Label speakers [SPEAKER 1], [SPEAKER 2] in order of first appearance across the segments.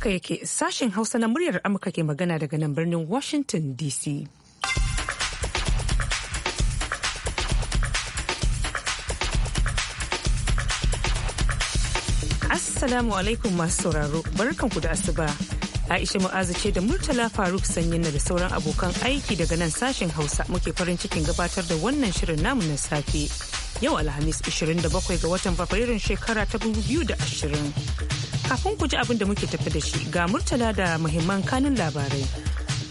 [SPEAKER 1] haka yake sashen hausa na muryar amurka ke magana daga nan birnin washington dc assalamu alaikum masu sauraro barkanku da asuba aisha mu'azu ce da murtala faruk sanyin da sauran abokan aiki daga nan sashen hausa muke farin cikin gabatar da wannan shirin namu na safe yau alhamis 27 ga watan fabrairun shekara ta 2020 Kafin ku ji abin da muke tafi da shi ga Murtala da muhimman kanun labarai.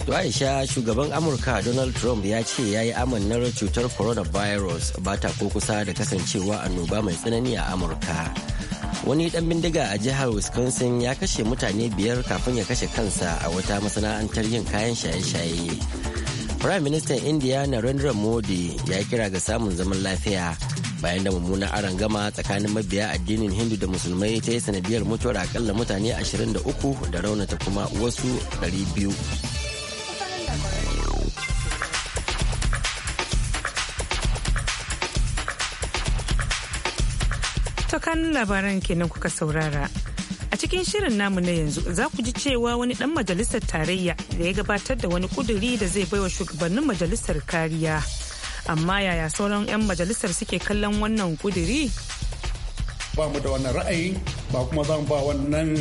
[SPEAKER 2] To Aisha shugaban Amurka Donald Trump ya ce ya yi amannar cutar coronavirus ba ta ko kusa da kasancewa annoba mai tsanani a Amurka. Wani dan bindiga a jihar Wisconsin ya kashe mutane biyar kafin ya kashe kansa a wata masana'antar yin kayan shaye-shaye. Prime Minister India Narendra Modi ya kira ga samun zaman lafiya. bayan da mummunan aron gama tsakanin mabiya addinin hindu da musulmai ta yi sanadiyar mutuwar akalla mutane 23 da raunata kuma wasu 200
[SPEAKER 1] Tukan labaran kenan kuka saurara. A cikin shirin namu na yanzu za ku ji cewa wani dan majalisar tarayya da ya gabatar da wani kuduri da zai baiwa shugabannin majalisar kariya. amma yaya sauran 'yan majalisar suke kallon wannan kuduri
[SPEAKER 3] ba mu da wannan ra'ayi ba kuma zan ba wannan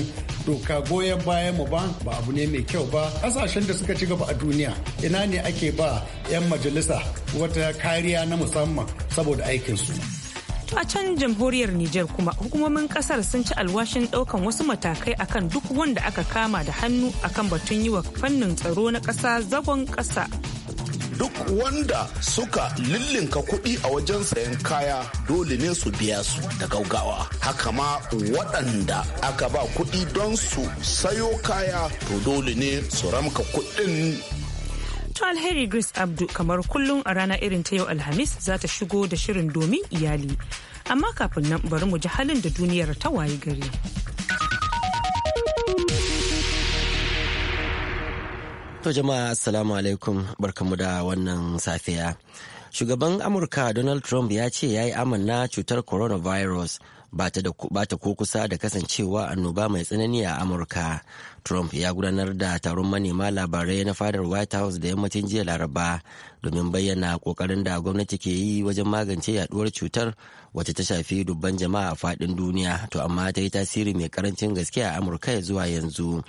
[SPEAKER 3] doka goyon bayan mu ba ba abu ne mai kyau ba kasashen da suka ci gaba a duniya ina ne ake ba 'yan majalisa wata kariya na musamman saboda aikinsu
[SPEAKER 1] a can jamhuriyar Nijar kuma hukumomin kasar sun ci alwashin daukan wasu matakai akan duk wanda aka kama da hannu akan batun yi wa fannin tsaro na kasa zagon
[SPEAKER 3] kasa. duk wanda suka lillinka kuɗi a wajen sayan kaya dole ne su biya su da gaugawa haka ma waɗanda aka ba kuɗi don su sayo kaya to dole ne su ramka kuɗin
[SPEAKER 1] To alheri Grace Abdu kamar kullum a rana irin ta yau Alhamis za ta shigo da shirin domin iyali. Amma kafin nan bari mu ji halin da duniyar ta waye gari.
[SPEAKER 2] To jama'a assalamu alaikum barkamu da wannan safiya. Shugaban Amurka Donald Trump ya ce ya yi amanna cutar coronavirus ba ta ko kusa da kasancewa annoba mai tsanani a Amurka. Trump ya gudanar da taron manema labarai na fadar White House da yammacin jiya Laraba domin bayyana kokarin da gwamnati ke yi wajen magance yaduwar cutar wacce ta shafi dubban jama'a a fadin duniya to amma ta yi tasiri mai karancin gaske a Amurka zuwa yanzu.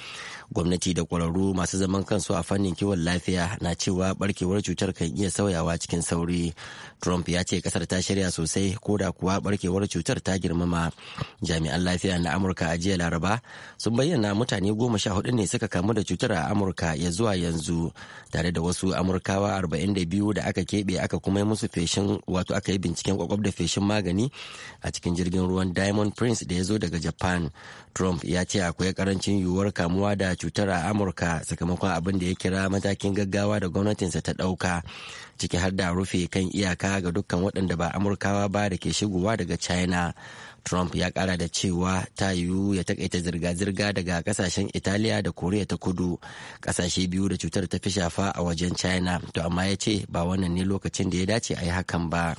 [SPEAKER 2] Gwamnati da kwararru masu zaman kansu a fannin kiwon lafiya na cewa barkewar cutar kan iya sauyawa cikin sauri. Trump ya ce kasar ta shirya sosai ko da kuwa barkewar cutar ta girmama. Jami'an lafiya na Amurka a jiya Laraba sun bayyana mutane goma sha sha hudu ne suka kamu da cutar a amurka ya zuwa yanzu tare da wasu amurkawa 42 da aka keɓe aka kuma yi musu feshin wato aka yi binciken kwakwab da feshin magani a cikin jirgin ruwan diamond prince da ya zo daga japan trump ya ce akwai karancin yiwuwar kamuwa da cutar a amurka sakamakon abin da ya kira matakin gaggawa da gwamnatinsa ta ɗauka ciki har da rufe kan iyaka ga dukkan waɗanda ba amurkawa ba da ke shigowa daga china Trump ya kara da cewa ta yiwu ya takaita zirga-zirga daga kasashen Italiya da Koriya ta kudu kasashe biyu da cutar ta fi shafa a wajen China to amma ya ce ba wannan ne lokacin da ya dace a yi hakan ba.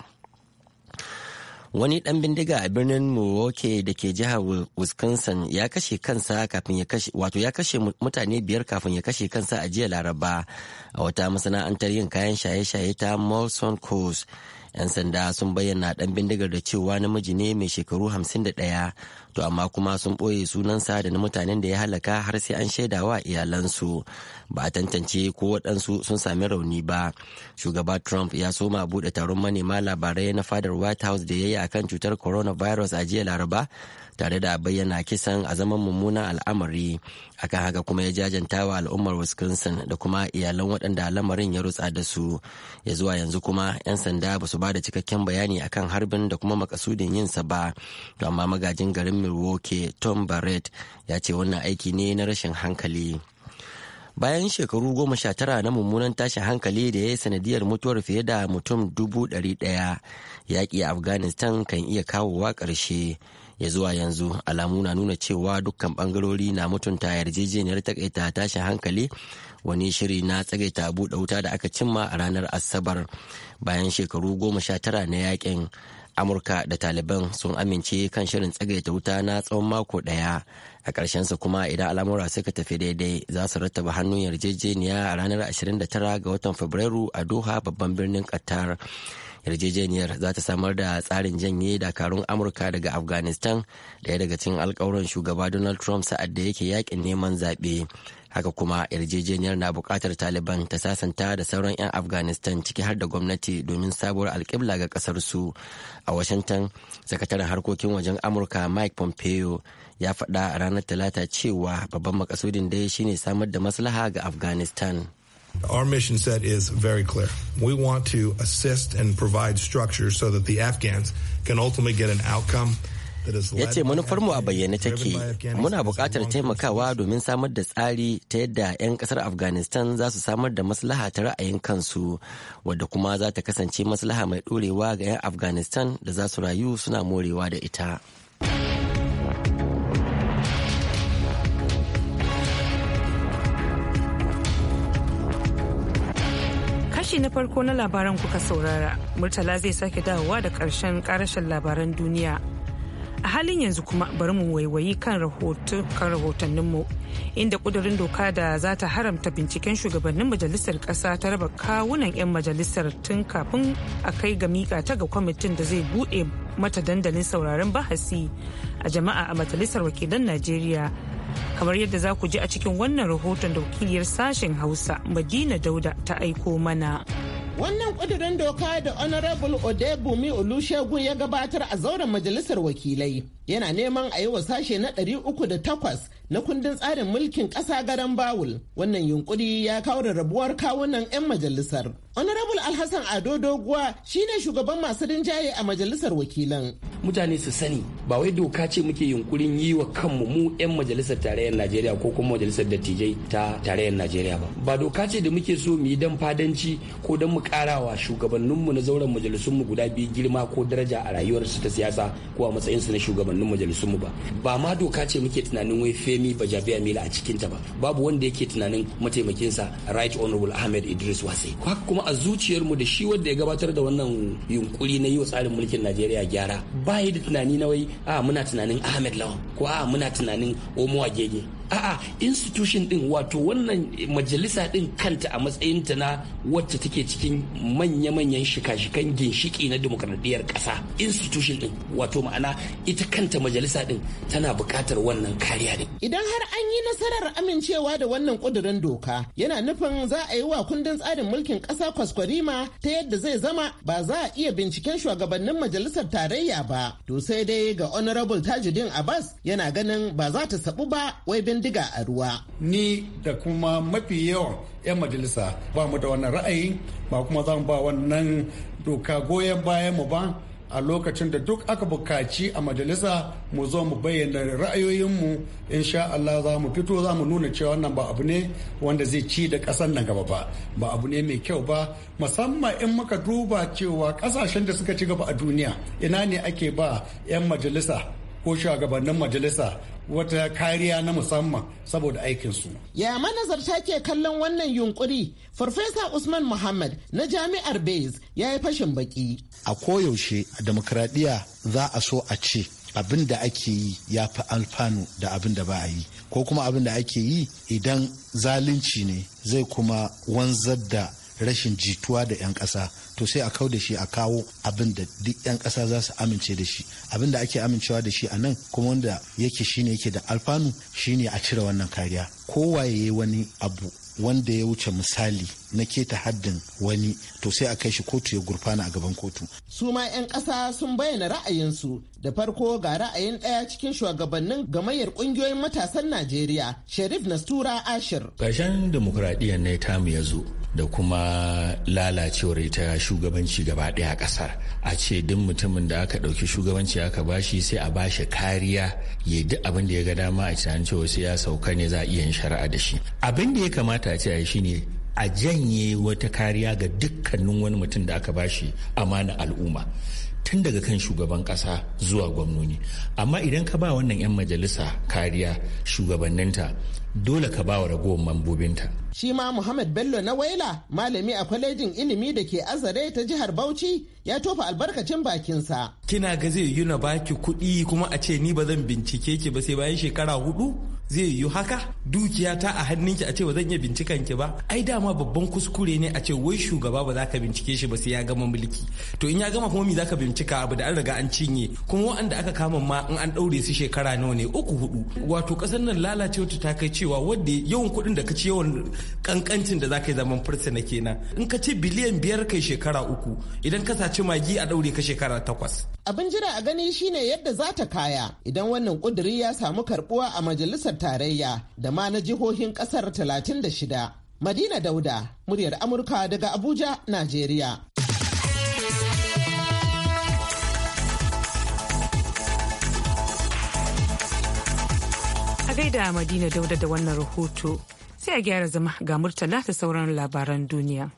[SPEAKER 2] Wani ɗan bindiga a birnin Milwaukee da ke jihar Wisconsin ya kashe kansa kafin ya kashe wato ya kashe mutane biyar kafin ya kashe kansa a jiya Laraba a wata masana'antar yin kayan shaye-shaye ta Molson Coast 'yan sanda sun bayyana dan bindigar da cewa namiji ne mai shekaru 51 to amma kuma sun ɓoye sunansa da na mutanen da ya halaka har sai an shaidawa iyalansu ba a tantance ko waɗansu sun sami rauni ba shugaba trump ya soma bude taron manema labarai na fadar white house da ya yi akan cutar coronavirus a jiya laraba tare da bayyana kisan a zaman mummunan al'amari akan haka kuma ya jajantawa al'ummar wisconsin da kuma iyalan waɗanda lamarin ya rutsa da su ya zuwa yanzu kuma 'yan sanda ba su ba da cikakken bayani akan harbin da kuma makasudin yinsa ba to amma magajin garin milwaukee tom barrett ya ce wannan aiki ne na rashin hankali bayan shekaru goma sha tara na mummunan tashin hankali da ya yi sanadiyar mutuwar fiye da mutum dubu ɗari ɗaya yaƙi a afghanistan kan iya kawowa ƙarshe ya zuwa yanzu alamu na nuna cewa dukkan ɓangarori na mutunta yarjejeniyar takaita tashin hankali wani shiri na tsagaita buɗe wuta da aka cimma a ranar asabar bayan shekaru goma sha tara na yaƙin amurka da taliban sun amince kan shirin tsagaita wuta na tsawon mako ɗaya a ƙarshensa kuma idan al'amura suka tafi daidai za su rattaba hannun yarjejeniya a ranar 29 ga watan fabrairu a doha babban birnin qatar yarjejeniyar za ta samar da tsarin janye dakarun amurka daga afghanistan daya daga cikin alkawuran shugaba donald trump sa'ad da yake yakin neman zaɓe haka kuma yarjejeniyar na buƙatar taliban ta sasanta da sauran 'yan afghanistan ciki har da gwamnati domin sabuwar alƙibla ga ƙasar su a washington sakataren harkokin wajen amurka mike pompeo ya faɗa a ranar talata cewa babban makasudin dai shine samar da maslaha ga afghanistan
[SPEAKER 3] Our mission
[SPEAKER 4] set is very clear. We want to assist and provide structure so that the Afghans
[SPEAKER 1] can ultimately get an outcome
[SPEAKER 4] ya ce manufarmu
[SPEAKER 2] a bayyane take muna buƙatar taimakawa domin samar da tsari ta yadda 'yan ƙasar afghanistan za su samar da maslaha ta ra'ayin kansu wadda kuma za ta kasance maslaha mai ɗorewa ga 'yan afghanistan da za su rayu suna morewa da ita.
[SPEAKER 1] Kashi na farko na labaran kuka saurara, Murtala zai sake dawowa da ƙarshen ƙarashin labaran duniya. a halin yanzu kuma bari mu waiwayi kan rahotanninmu inda kudurin doka da za ta haramta binciken shugabannin majalisar kasa ta raba kawunan 'yan majalisar tun kafin a kai ga mika ta ga kwamitin da zai bude mata dandalin sauraron bahasi a jama'a a majalisar wakilan najeriya kamar yadda za ku ji a cikin wannan rahoton da wakiliyar sashen hausa madina dauda ta
[SPEAKER 5] aiko mana. Wannan ƙudurin doka da Honorable Odebumi Olusegun ya gabatar a zauren majalisar wakilai yana neman a yi wa sashe na 308 na kundin tsarin mulkin ƙasa garan bawul wannan yunkuri ya kawo da rabuwar kawunan 'yan majalisar honorable alhassan ado doguwa shine shugaban masu rinjaye a majalisar wakilan mutane su sani ba wai doka ce muke yunkurin yi wa kanmu mu 'yan majalisar
[SPEAKER 3] tarayyar najeriya ko kuma majalisar dattijai ta tarayyar najeriya ba ba doka ce da muke so mu yi dan fadanci ko dan mu karawa shugabanninmu na zauren majalisunmu guda biyu girma ko daraja a rayuwarsu ta siyasa ko a matsayinsu na shugaban shugabannin majalisunmu ba ba ma doka ce muke tunanin wai femi ba jabiya mila a cikinta ba babu wanda yake tunanin mataimakinsa right honorable ahmed idris wase kuma a zuciyarmu da shi wanda ya gabatar da wannan yunkuri na yi wa tsarin mulkin najeriya gyara ba yi da tunani na wai a ah, muna tunanin ahmed lawan ko a ah, muna tunanin omo agege a'a institution din wato wannan majalisa din kanta a matsayinta na wacce take cikin manya-manyan shika-shikan ginshiki na demokradiyyar ƙasa institution din wato ma'ana ita kanta majalisa din tana buƙatar wannan kariya
[SPEAKER 5] ne idan har an yi nasarar amincewa da wannan ƙudurin doka yana nufin za a yi wa kundin tsarin mulkin ƙasa kwaskwarima ta yadda zai zama ba za a iya binciken shugabannin majalisar tarayya ba to sai dai ga honorable tajudin abbas yana ganin ba za ta sabu ba wai bin bindiga a ruwa.
[SPEAKER 3] Ni da kuma mafi yawan 'yan majalisa ba mu da wannan ra'ayi ba kuma zan ba wannan doka goyon bayan mu ba a lokacin da duk aka bukaci a majalisa mu zo mu bayyana ra'ayoyinmu insha Allah za mu fito za mu nuna cewa wannan ba abu ne wanda zai ci da ƙasar nan gaba ba ba abu ne mai kyau ba musamman in muka duba cewa ƙasashen da suka ci gaba a duniya ina ne ake ba 'yan majalisa ko shugabannin majalisa wata kariya na musamman saboda aikinsu.
[SPEAKER 5] Ya manazarta ke kallon wannan yunkuri, Farfesa Usman Muhammad na Jami'ar Bez ya yi fashin baki.
[SPEAKER 3] A koyaushe a demokradiyya za a so a ce abin da ake yi ya fi alfanu da abin da ba a yi ko kuma abin da ake yi idan zalunci ne zai kuma wanzar da rashin jituwa da 'yan ƙasa to sai a kau da shi a kawo abin da duk 'yan ƙasa za su amince da shi abin da ake amincewa da shi a nan kuma wanda yake shine yake da alfanu shine a cire wannan kariya kowaye wani abu wanda ya wuce misali na keta haddin wani to sai a kai shi kotu ya gurfana a gaban kotu.
[SPEAKER 5] su ma 'yan ƙasa sun bayyana ra'ayinsu da farko ga ra'ayin ɗaya cikin shugabannin gamayyar ƙungiyoyin matasan najeriya sharif nastura ashir.
[SPEAKER 3] ƙarshen demokuraɗiyyar ne tamu ya zo da kuma lalacewar ita shugabanci gaba ɗaya ƙasar a ce duk mutumin da aka ɗauki shugabanci aka bashi sai a bashi kariya ya yi duk abin da ya ga dama a tunanin cewa sai ya sauka ne za a iya yin shari'a da shi abin da ya kamata a ce a yi shine a janye wata kariya ga dukkanin wani mutum da aka bashi amana al'umma tun daga kan shugaban kasa zuwa gwamnoni amma idan ka ba wannan 'yan majalisa kariya shugabanninta dole ka ba wa ragowar mambobinta
[SPEAKER 5] shi ma muhammad bello na waila malami a kwalejin ilimi da ke azare ta jihar bauchi ya tofa albarkacin bakinsa kina
[SPEAKER 3] ga zai yi na baki kuɗi kuma a ce ni ba zan bincike ki ba sai bayan shekara hudu zai yiwu haka dukiya ta a hannunki a ce ba zan iya bincikan ki ba ai dama babban kuskure ne a ce wai shugaba ba za ka bincike shi ba sai ya gama mulki to in ya gama kuma me za ka bincika abu da an riga an cinye kuma waɗanda aka kama ma in an ɗaure su shekara nawa ne uku hudu wato ƙasar nan lalacewa ta kai cewa wadda yawan kuɗin da ka ci yawan kankancin da za ka yi zaman fursuna kenan in ka ci biliyan biyar kai shekara uku idan ka saci magi a ɗaure ka shekara takwas
[SPEAKER 5] Abin jira a gani shine yadda za ta kaya idan wannan kuduri ya samu karbuwa a majalisar tarayya da ma na jihohin kasar 36. Madina Dauda, muryar Amurka daga Abuja, Najeriya. A gaida
[SPEAKER 1] Madina Dauda da wannan rahoto sai a gyara zama ga murtala da sauran labaran duniya.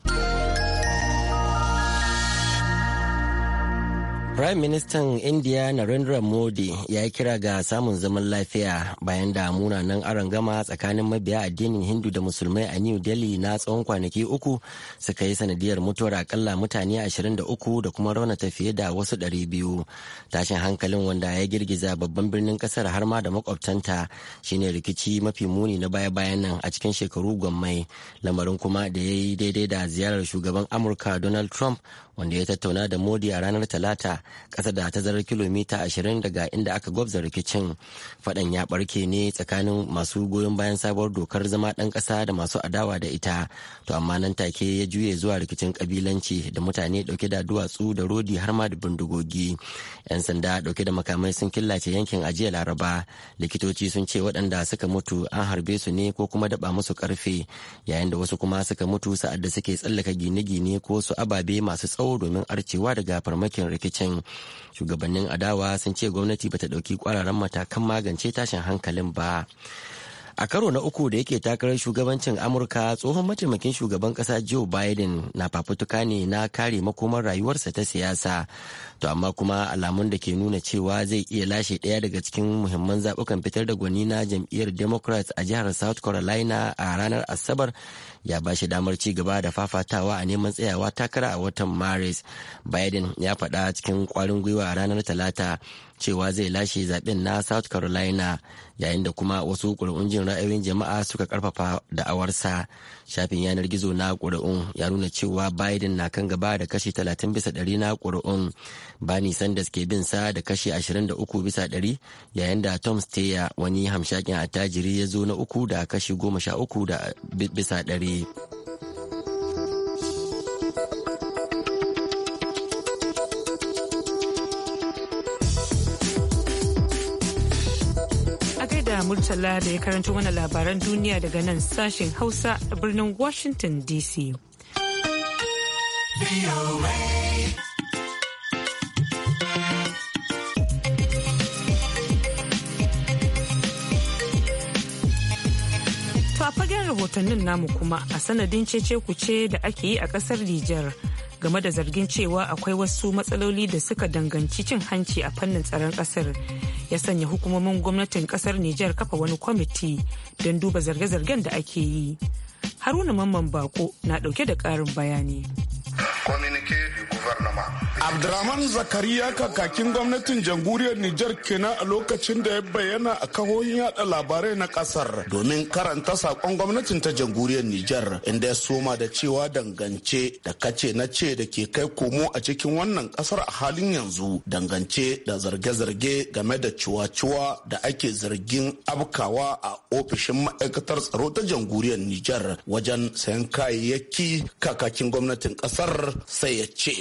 [SPEAKER 2] Prime minister India Narendra Modi ya yi kira ga samun zaman lafiya bayan da munanan gama tsakanin mabiya addinin Hindu da Musulmai a New Delhi na tsawon kwanaki uku suka yi sanadiyar mutuwar akalla mutane 23 da kuma ta fiye da wasu 200. Tashin hankalin wanda ya girgiza babban birnin kasar har ma da makwabtanta shine rikici mafi muni na baya-bayan nan a cikin shekaru gwammai lamarin kuma da ya yi daidai da ziyarar shugaban Amurka Donald Trump wanda ya tattauna da Modi a ranar Talata ƙasa da tazarar kilomita 20 daga inda aka gwabza rikicin faɗan ya ɓarke ne tsakanin masu goyon bayan sabuwar dokar zama ɗan ƙasa da masu adawa da ita to amma nan take ya juye zuwa rikicin ƙabilanci da mutane ɗauke da duwatsu da rodi har ma da bindigogi 'yan sanda ɗauke da makamai sun killace yankin ajiya laraba likitoci sun ce waɗanda suka mutu an harbe su ne ko kuma daɓa musu ƙarfe yayin da wasu kuma suka mutu sa'ad da suke tsallaka gine-gine ko su ababe masu tsawo domin arcewa daga farmakin rikicin rikicin shugabannin adawa sun ce gwamnati bata ɗauki kwararan matakan magance tashin hankalin ba a karo na uku da yake takarar shugabancin amurka tsohon mataimakin shugaban kasa joe biden na fafutuka ne na kare makomar rayuwarsa ta siyasa to amma kuma alamun da ke nuna cewa zai iya lashe ɗaya daga cikin muhimman zaɓukan fitar da gwani na jam'iyyar democrats a jihar south carolina a ranar asabar ya ba shi damar ci gaba da fafatawa a neman tsayawa takara a watan maris biden ya faɗa cikin kwarin gwiwa a ranar talata cewa zai lashe zaben na south carolina yayin da kuma wasu ƙuri'un jin ra'ayoyin jama'a suka karfafa da'awarsa shafin yanar gizo na ƙuri'un ya nuna cewa biden na kan gaba da kashi 30 bisa ɗari na ƙuri'un bani sanders ke bin sa da kashi 23 bisa ɗari yayin da tom steyer wani hamshakin attajiri ya zo na uku da kashi 13 bisa ɗari yi
[SPEAKER 1] da Murtala da ya karanta mana labaran duniya daga nan sashen Hausa a birnin Washington DC. rahotannin namu kuma a sanadin cece kuce da ake yi a kasar Nijar game da zargin cewa akwai wasu matsaloli da suka danganci cin hanci a fannin tsaron kasar ya sanya hukumomin gwamnatin kasar Nijar kafa wani kwamiti don duba zarge-zargen da ake yi. Haruna Mamman Bako na dauke da ƙarin
[SPEAKER 3] bayani. Communicate the government. Zakari ya kakakin gwamnatin jamhuriyar Nijar kenan a lokacin da ya bayyana a kahohin yada labarai na kasar domin karanta sakon gwamnatin ta jamhuriyar Nijar inda ya soma da cewa dangance da kace na ce da ke kai komo a cikin wannan kasar a halin yanzu dangance da zarge-zarge game da ciwa-ciwa da ake zargin abkawa a ofishin ma'aikatar tsaro ta jamhuriyar Nijar wajen sayan kayayyaki kakakin gwamnatin kasar sai ya ce.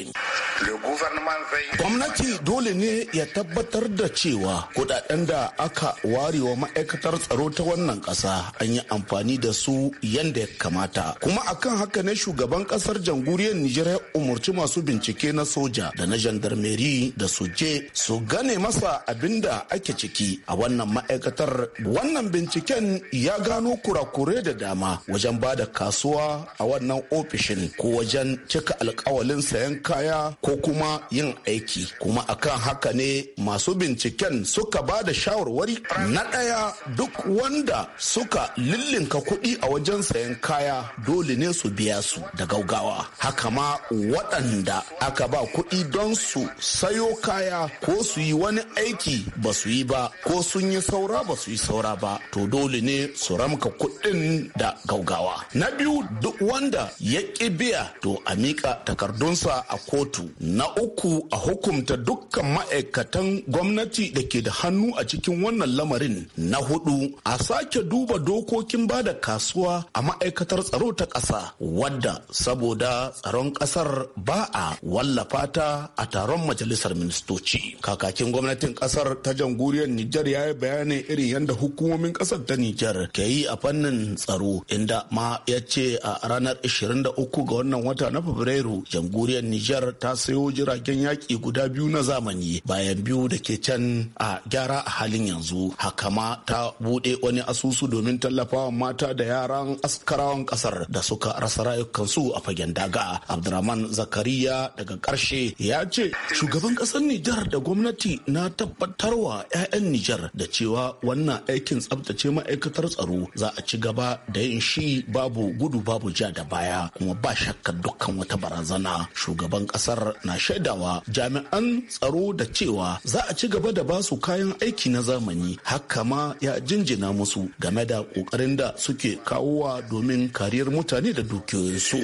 [SPEAKER 3] Gwamnati dole ne ya tabbatar da cewa kudaden da aka warewa ma'aikatar tsaro ta wannan kasa an yi amfani da su yadda ya kamata. Kuma akan haka ne shugaban kasar jamhuriyar Nijar ya umarci masu bincike na soja da na jandarmeri da soje su gane masa abin da ake ciki a wannan ma'aikatar. Wannan binciken ya gano kurakure da dama wajen ba da kasuwa a wannan ofishin ko wajen cika alkawalin sayan kaya ko kuma kuma yin aiki kuma akan haka ne masu binciken suka ba da shawarwari na ɗaya duk wanda suka lillinka kuɗi a wajen sayan kaya dole ne su biya su da gaugawa haka ma waɗanda aka ba kuɗi don su sayo kaya ko su yi wani aiki ba su yi ba ko sun yi saura ba su yi saura ba to dole ne su ramka kuɗin da gaugawa na biyu duk wanda ya ƙi biya to a miƙa takardunsa a kotu na uku a hukumta dukkan ma'aikatan gwamnati da ke da hannu a cikin wannan lamarin na hudu a sake duba dokokin ba da kasuwa a ma'aikatar tsaro ta ƙasa wadda saboda tsaron ƙasar ba a wallafa ta a taron majalisar ministoci kakakin gwamnatin ƙasar ta jamhuriyar nijar ya yi bayani irin yadda hukumomin ƙasar ta nijar ke yi a fannin tsaro inda ma ya ce a ranar 23 ga wannan wata na fabrairu jamhuriyar nijar ta sayo jiragen yaƙi guda biyu na zamani bayan biyu da ke can a gyara a halin yanzu haka ma ta buɗe wani asusu domin tallafawa mata da yaran askarawan ƙasar da suka rasa rayukansu a fagen daga abdurrahman zakariya daga ƙarshe ya ce shugaban ƙasar nijar da gwamnati na tabbatarwa 'ya'yan nijar da cewa wannan aikin tsabtace ma'aikatar tsaro za a ci gaba da yin shi babu gudu babu ja da baya kuma ba shakka dukkan wata barazana shugaban ƙasar na shaidawa jami'an tsaro da cewa za a ci gaba da ba su kayan aiki na zamani haka ma ya jinjina musu game da kokarin da suke kawowa domin kariyar mutane da dukiyoyinsu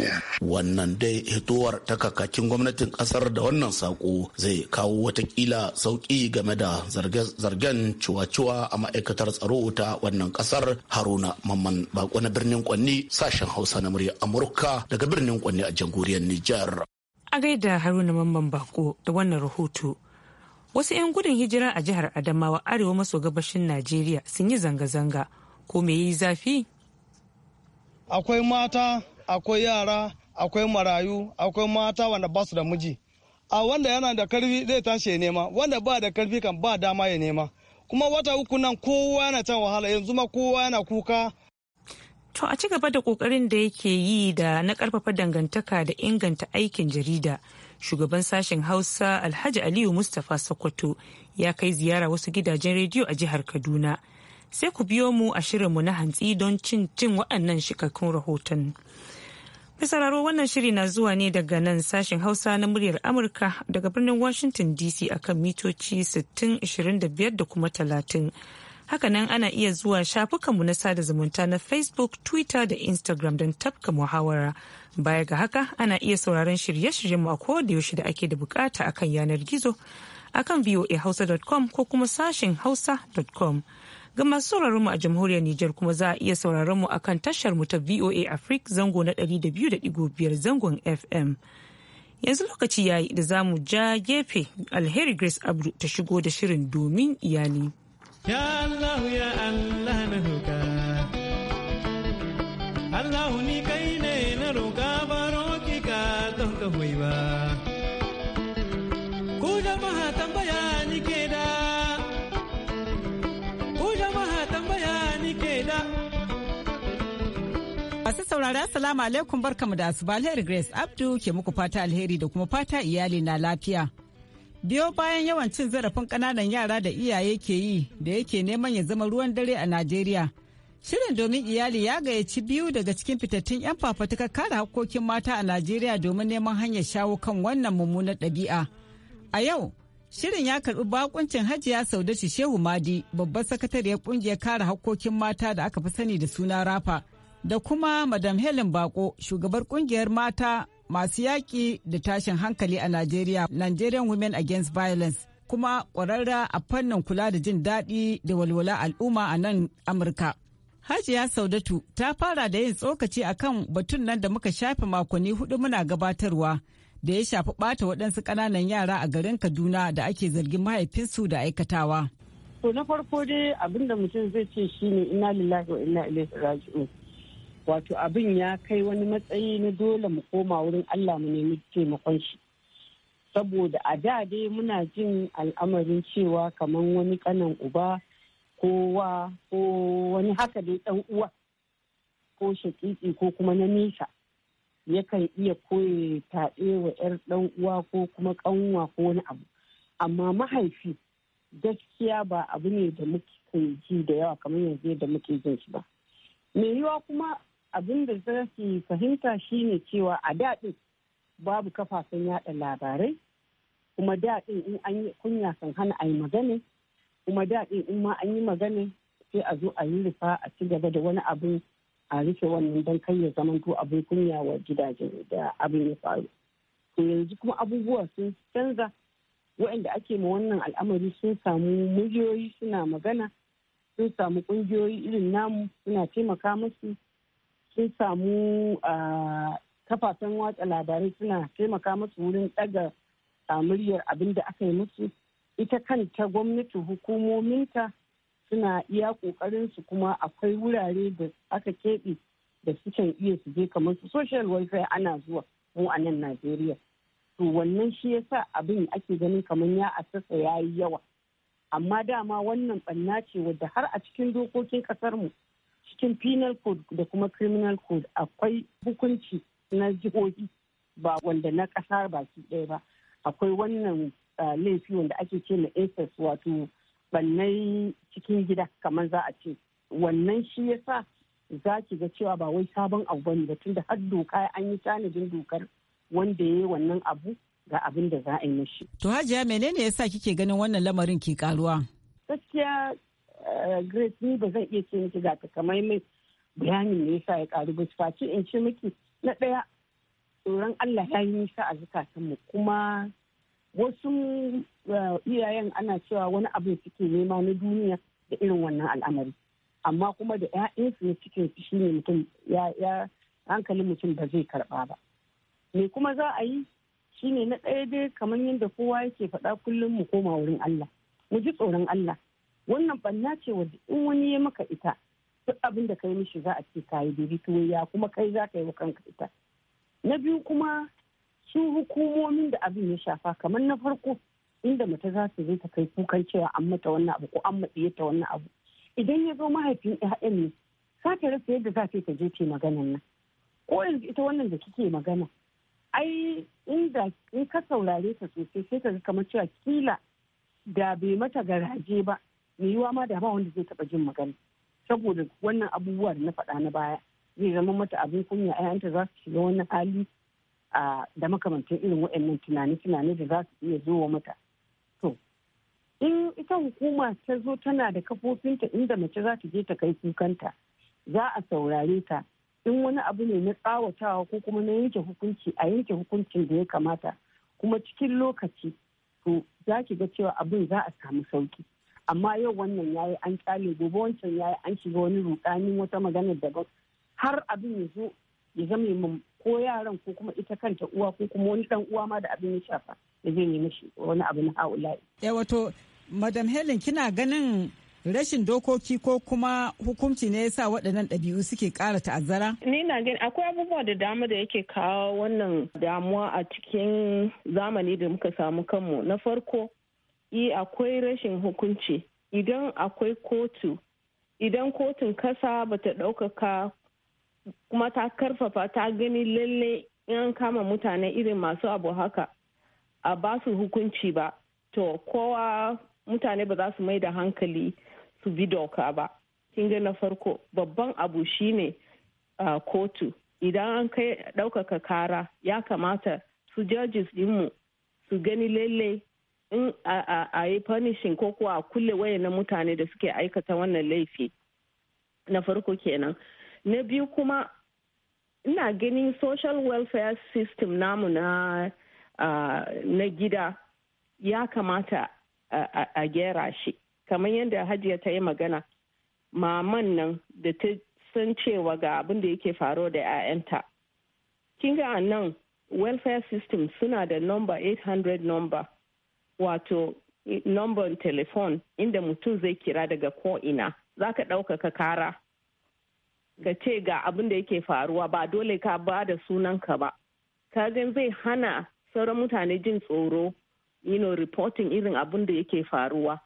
[SPEAKER 3] wannan dai hitowar ta kakakin gwamnatin kasar da wannan sako zai kawo watakila sauki game da zargen ciwa-ciwa a ma'aikatar tsaro ta wannan kasar haruna mamman bako na birnin kwanni sashen hausa na murya amurka daga birnin kwanni a jamhuriyar nijar
[SPEAKER 1] A gaida Haruna Mamman Bako da wannan rahoto. Wasu 'yan gudun hijira a jihar Adamawa arewa maso gabashin Najeriya sun yi zanga-zanga ko me yi
[SPEAKER 3] zafi? Akwai mata, akwai yara, akwai marayu, akwai mata wanda ba su da miji. A wanda yana da karfi zai tashi ya nema, wanda ba da karfi kan ba dama ya nema. Kuma wata uku nan kowa yana can wahala yanzu ma kowa yana kuka
[SPEAKER 1] To a ci gaba da kokarin da yake yi da na karfafa dangantaka da inganta aikin jarida. Shugaban sashen Hausa Alhaji Aliyu Mustapha Sokoto ya kai ziyara wasu gidajen rediyo a jihar Kaduna. Sai ku biyo mu a shirinmu na hantsi don cin cin waɗannan shikakkun rahoton. Misararo wannan shiri na zuwa ne daga nan sashen Hausa na muryar Amurka daga birnin Washington DC akan mitoci 25 da kuma 30. haka nan ana iya zuwa shafukanmu na sada zumunta na Facebook, Twitter da Instagram don tafka muhawara. Baya ga haka ana iya sauraron shirye-shiryenmu a kodayaushe da ake da bukata akan yanar gizo akan voahausa.com ko kuma sashen hausa.com. Ga masu sauraron mu a jamhuriyar Nijar kuma za a iya sauraron mu akan tashar mu ta VOA Africa zango na ɗari da da biyu 200.5 zangon FM. yanzu lokaci yayi da zamu ja gefe alheri grace abdu ta shigo da shirin domin iyali. Ya Allah ya Allah na roka
[SPEAKER 3] Allah ni kai ne na roka baro ki ka don ka hoyi ba. Ku jama'a tambaya ni
[SPEAKER 1] ke da. Ku jama'a tambaya ni ke da.
[SPEAKER 6] Masu saurara salamu alaikum barkamu da asuba alheri Grace Abdu ke muku fata alheri da kuma fata iyali na lafiya. biyo bayan yawan cin zarafin kananan yara da iyaye ke yi da yake neman ya zama ruwan dare a najeriya shirin domin iyali ya gayyaci biyu daga cikin fitattun 'yan fafatukar kare hakkokin mata a najeriya domin neman hanyar shawo kan wannan mummunar ɗabi'a a yau shirin ya karɓi bakuncin hajiya saudaci shehu madi babbar sakatariyar ƙungiyar kare hakkokin mata da aka fi sani da suna rafa da kuma madam helen bako shugabar ƙungiyar mata masu yaƙi da tashin hankali a Najeriya, Nigerian Women Against Violence, kuma ƙwararra a fannin kula da jin daɗi da walwala al'umma a nan Amurka. Hajiya Saudatu ta fara da yin tsokaci a kan batun nan da muka shafe makonni hudu muna gabatarwa da ya shafi ɓata waɗansu ƙananan yara a garin Kaduna da ake zargin mahaifinsu da aikatawa.
[SPEAKER 7] To na farko dai abinda mutum zai ce shine ina lillahi wa ina ilaihi raji'un. wato abin ya kai wani matsayi na dole mu koma wurin allah mu nemi taimakon shi saboda a da dai muna jin al'amarin cewa kamar wani kanan uba wa ko wani haka dai dan uwa ko shakiki ko kuma na nisa yakan iya koye taɗe wa 'yar ɗan uwa ko kuma ƙanwa ko wani abu amma mahaifi gaskiya ba abu ne da muke ji da yawa kamar yanzu da muke jin shi ba me yiwa kuma abin da za su fahimta shine cewa a daɗin babu kafafen yada labarai kuma daɗin in an yi kunya kan hana a yi magana kuma daɗin in ma an yi magana sai a zo a yi rufa a ci gaba da wani abin a rufe wannan don kai ya zamanto abin kunya wa gidajen da abin ya faru to yanzu kuma abubuwa sun canza waɗanda ake ma wannan al'amari sun samu miliyoyi suna magana sun samu ƙungiyoyi irin namu suna taimaka musu sun samu kafafen watsa labarai suna taimaka musu wurin ɗaga muryar abin da aka yi musu ita kanta gwamnati hukumominta suna iya kokarin su kuma akwai wurare da aka keɓe da sukan iya su je kamar su social welfare ana zuwa mu a nan najeriya to wannan shi yasa abin ake ganin kamar ya asasa ya yi yawa amma dama wannan ɓanna ce wadda har a cikin dokokin ƙasarmu mu cikin penal code da kuma criminal code akwai hukunci na jihohi ba wanda na ƙasa baki ɗaya ba akwai wannan ah, laifi wanda ake ce na ss e wato bannai cikin gida kamar za a ce wannan shi yasa za ki ga cewa ba wai sabon abu ba bane ba da har doka an yi tanadin dokar
[SPEAKER 6] wanda ya yi wannan abu ga abin da za a yi mashi. To Hajiya menene sa kike ganin wannan lamarin ke karuwa?
[SPEAKER 7] Gaskiya Eh, grace ni ba zan iya ce miki ga mai bayanin me yasa ya karu ba face in ce miki na ɗaya tsoron Allah ya yi nisa a mu. kuma wasu eh, iyayen ana cewa wani abin suke nema na duniya da irin wannan al'amari amma kuma da 'ya'yansu na cikin shi ne mutum ya hankalin mutum ba zai karba ba me kuma za a yi shine na ɗaya dai kamar yadda kowa yake faɗa kullum mu koma wurin Allah mu ji tsoron Allah wannan banna ce wadda in wani ya maka ita duk abin da kai mishi za a ce ka yi daidai to ya kuma kai za ka yi wa kanka ita na biyu kuma su hukumomin da abin ya shafa kamar na farko inda mata za su je ta kai kukan cewa an mata wannan abu ko an matsiye ta wannan abu idan ya zo mahaifin ya'yan ne za ta rasa yadda za ta je ce maganan nan ko yanzu ita wannan da kike magana ai inda in ka saurare ta sosai sai ka ga kamar cewa kila da bai mata garaje ba yiwa ma da ba wanda zai taɓa jin magana saboda wannan abubuwa da na faɗa na baya zai zama mata abin kunya ayanta za su shiga wani hali da makamantan irin waɗannan tunani-tunani da za su iya zo wa mata to in ita hukuma ta zo tana da kafofinta inda mace za ta je ta kai kukanta za a saurare ta in wani abu ne na tsawatawa ko kuma na yanke hukunci a yanke hukuncin da ya kamata kuma cikin lokaci to za ki ga cewa abin za a samu sauki amma yau wannan yayi an kyale gobe wancan yayi an shiga wani rukanin wata magana daban har abin ya zo ya zama mun ko yaran ko kuma ita kanta uwa ko
[SPEAKER 6] kuma wani dan uwa ma da abin ya shafa ya zai yi mishi wani abu na haula'i. Eh wato madam Helen kina ganin rashin dokoki ko kuma hukunci ne yasa waɗannan ɗabi'u suke ƙara ta'azzara? Ni na gani akwai abubuwa da dama da yake kawo wannan
[SPEAKER 4] damuwa a cikin zamani da muka samu kanmu. Na farko yi e, akwai rashin hukunci idan akwai kotu idan kotun kasa bata ɗaukaka kuma ta karfafa ta gani lalle in kama mutane irin masu abu haka a ba su hukunci ba to kowa mutane ba za su mai da hankali su bi doka ba kinga na farko babban abu shine uh, kotu idan an kai ɗaukaka kara ya kamata su judges dinmu su gani lalle in a yi punishing ko kuwa a kulle waye na mutane da suke aikata wannan laifi na farko kenan na biyu kuma ina ganin social welfare system namu na na gida ya kamata a gera shi kamar yadda hajiya ta yi magana maman nan da ta san cewa ga abin da yake faro da 'ya'yanta kinga a nan welfare system suna da number 800 number wato number telefon inda mutum zai kira daga ko'ina za ka ɗaukaka kara ga ce ga abin da yake faruwa ba dole ka ba da sunanka ba kagan zai hana sauran mutane jin tsoro you know, reporting irin abin da yake faruwa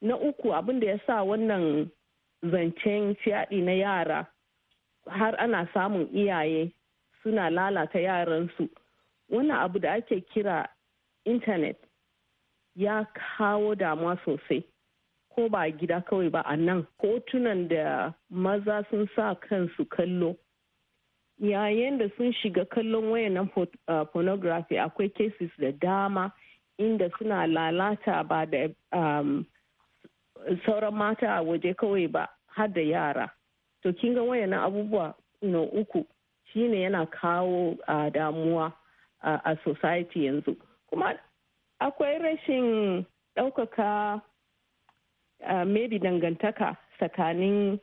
[SPEAKER 4] na uku abin da ya sa wannan zancen fyaɗi na yara har ana samun iyaye suna lalata yaransu wannan abu da ake kira intanet ya kawo damuwa sosai ko ba gida kawai ba a nan hotunan da maza sun sa kansu kallo yayin da sun shiga kallon wayannan uh, pornography akwai cases da dama inda suna lalata ba da um, sauran mata a waje kawai ba har da yara to kin ga wayannan abubuwa na uku shine yana kawo uh, damuwa uh, a society yanzu kuma akwai rashin ɗaukaka ah, maybe dangantaka tsakanin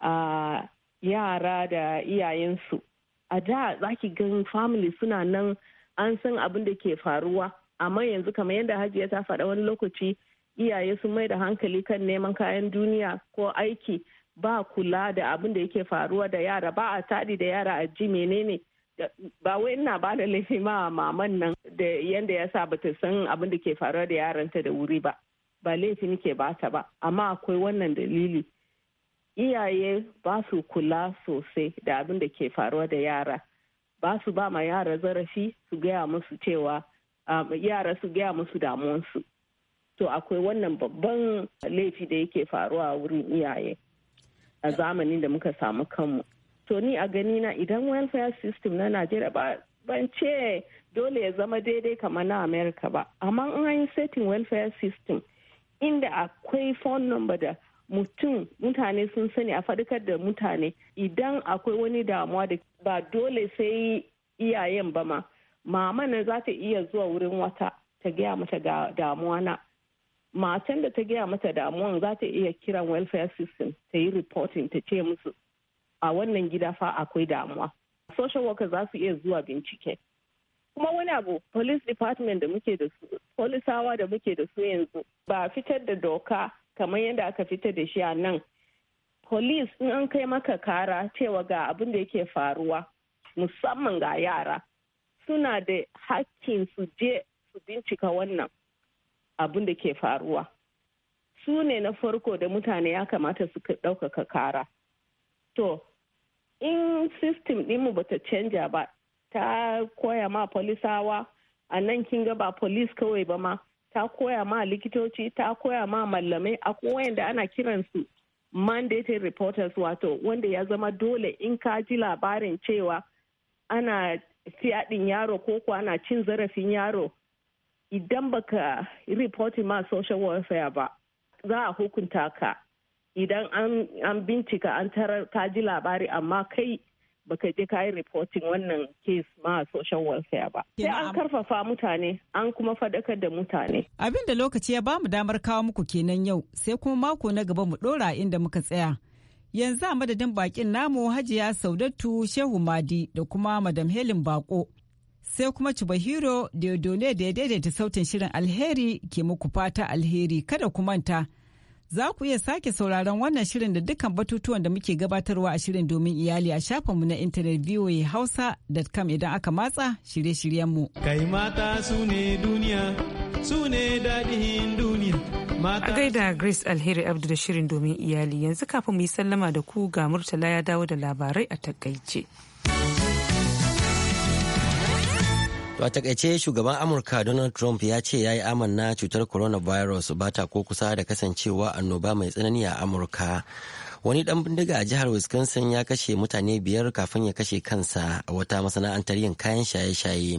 [SPEAKER 4] ah, yara da iyayensu a da za ki gan family suna nan an san abin da ke faruwa amma yanzu kamar yadda hajiya ta faɗa wani lokaci iyaye sun mai da hankali kan neman kayan duniya ko aiki ba kula da abin da yake faruwa da yara ba a taɗi da yara a ji menene ba wai ina ba da laifi ma maman nan da yanda ya sa bata san abin da ke faruwa da yaranta da wuri ba ba laifi nake ba ta ba amma akwai wannan dalili iyaye ba su kula sosai da abin da ke faruwa da yara ba su ba ma yara zarafi su gaya musu cewa um, yara su gaya musu damuwansu to akwai wannan babban laifi da yake faruwa a wurin iyaye a zamanin da muka samu kanmu to ni a gani na idan welfare system na najeriya ba ban ce dole ya zama daidai kamar na america ba amma in an yi setting welfare system inda akwai phone number da mutum mutane sun sani a faɗakar da mutane idan akwai wani damuwa da ba dole sai iyayen ba ma mama na za ta iya zuwa wurin wata ta gaya mata damuwa na matan da ta gaya mata damuwan za ta iya kiran welfare system ta yi reporting ta ce musu a wannan gida fa akwai damuwa social worker za su iya zuwa bincike kuma wani abu police department da muke da su polisawa da muke da su yanzu ba fitar da doka kamar yadda aka fitar da shi a nan police in an kai maka kara cewa ga abin da yake faruwa musamman ga yara suna da hakkin su je su bincika wannan abin da ke faruwa su ne na farko da mutane ya kamata su ɗaukaka kara to in system ɗinmu bata canja ba ta koya ma polisawa a nan kin ga ba polis kawai ba ma ta koya ma likitoci ta koya ma mallamai a wayanda ana kiransu mandated reporters wato wanda ya zama dole in ka ji labarin cewa ana fiyaɗin yaro ko ko ana cin zarafin yaro idan baka reporting ma social welfare ba za a hukunta ka idan an bincika an tarar ka ji labari amma kai baka je ka yi reporting wannan case ma social welfare ba. Sai an karfafa mutane an kuma faɗakar da mutane.
[SPEAKER 6] Abin da lokaci ya bamu damar kawo muku kenan yau sai kuma mako na gaba mu ɗora inda muka tsaya. Yanzu a madadin bakin namu Hajiya Saudatu Shehu Madi da kuma Madam helin Bako. Sai kuma Chubahiro Deodone da ya daidaita sautin shirin alheri ke muku fata alheri kada ku manta. Za ku iya sake sauraron wannan shirin da dukkan batutuwan da muke gabatarwa a shirin domin iyali a shafinmu na intanet voahausa.com idan aka matsa shirye-shiryenmu.
[SPEAKER 3] Kai mata su ne duniya, su ne daɗin duniya.
[SPEAKER 1] A gaida Grace Alheri Abdu da shirin domin iyali yanzu kafin mu yi sallama da ku ga Murtala ya dawo da labarai a takaice.
[SPEAKER 2] To a takaice shugaban Amurka Donald Trump ya ce ya yi amanna cutar coronavirus ba ta ko kusa da kasancewa annoba mai tsanani a Amurka. Wani dan bindiga a jihar Wisconsin ya kashe mutane biyar kafin ya kashe kansa a wata masana'antar yin kayan shaye-shaye.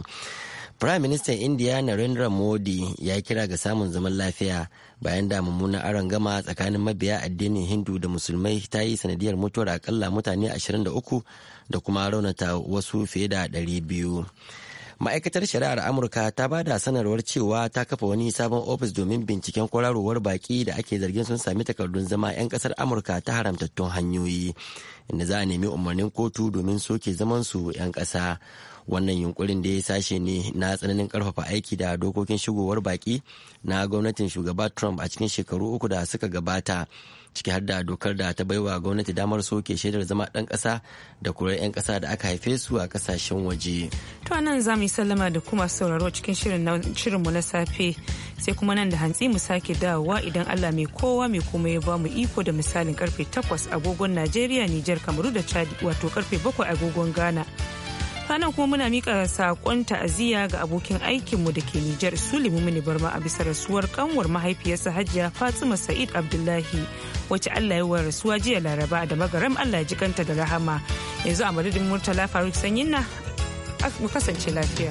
[SPEAKER 2] Prime Minister India Narendra Modi ya kira ga samun zaman lafiya bayan da mummunan aron gama tsakanin mabiya addinin Hindu da Musulmai ta yi sanadiyar mutuwar akalla mutane 23 da kuma raunata wasu fiye da 200. ma'aikatar shari'ar amurka ta ba da sanarwar cewa ta kafa wani sabon ofis domin binciken kwararowar baki da ake zargin sun sami takardun zama 'yan kasar amurka ta haramtattun hanyoyi inda za a nemi umarnin kotu domin soke su 'yan ƙasa wannan yunkurin da ya sashe ne na tsananin karfafa aiki da dokokin shigowar baki na gwamnatin shugaba trump a cikin shekaru uku da suka gabata ciki har da dokar da ta baiwa gwamnati damar soke shaidar zama ɗan ƙasa da kurar 'yan ƙasa da aka haife su a kasashen waje.
[SPEAKER 1] To nan za mu yi sallama da kuma sauraro cikin shirin mu na safe sai kuma nan da hantsi mu sake dawowa idan Allah mai kowa mai kuma ya ba mu iko da misalin karfe 8 agogon Najeriya, Nijar, Kamaru da Chad wato karfe 7 agogon Ghana. sannan kuma muna mika saƙon ta'aziyya ga abokin aikinmu da ke Nijar Sulemi Mini Barma a bisa rasuwar kanwar mahaifiyarsa hajjiya Fatima Sa'id Abdullahi wacce Allah ya rasuwa jiya Laraba da magaram Allah ya jikanta da rahama. Yanzu a madadin Murtala Faruk Sanyin na mu kasance lafiya.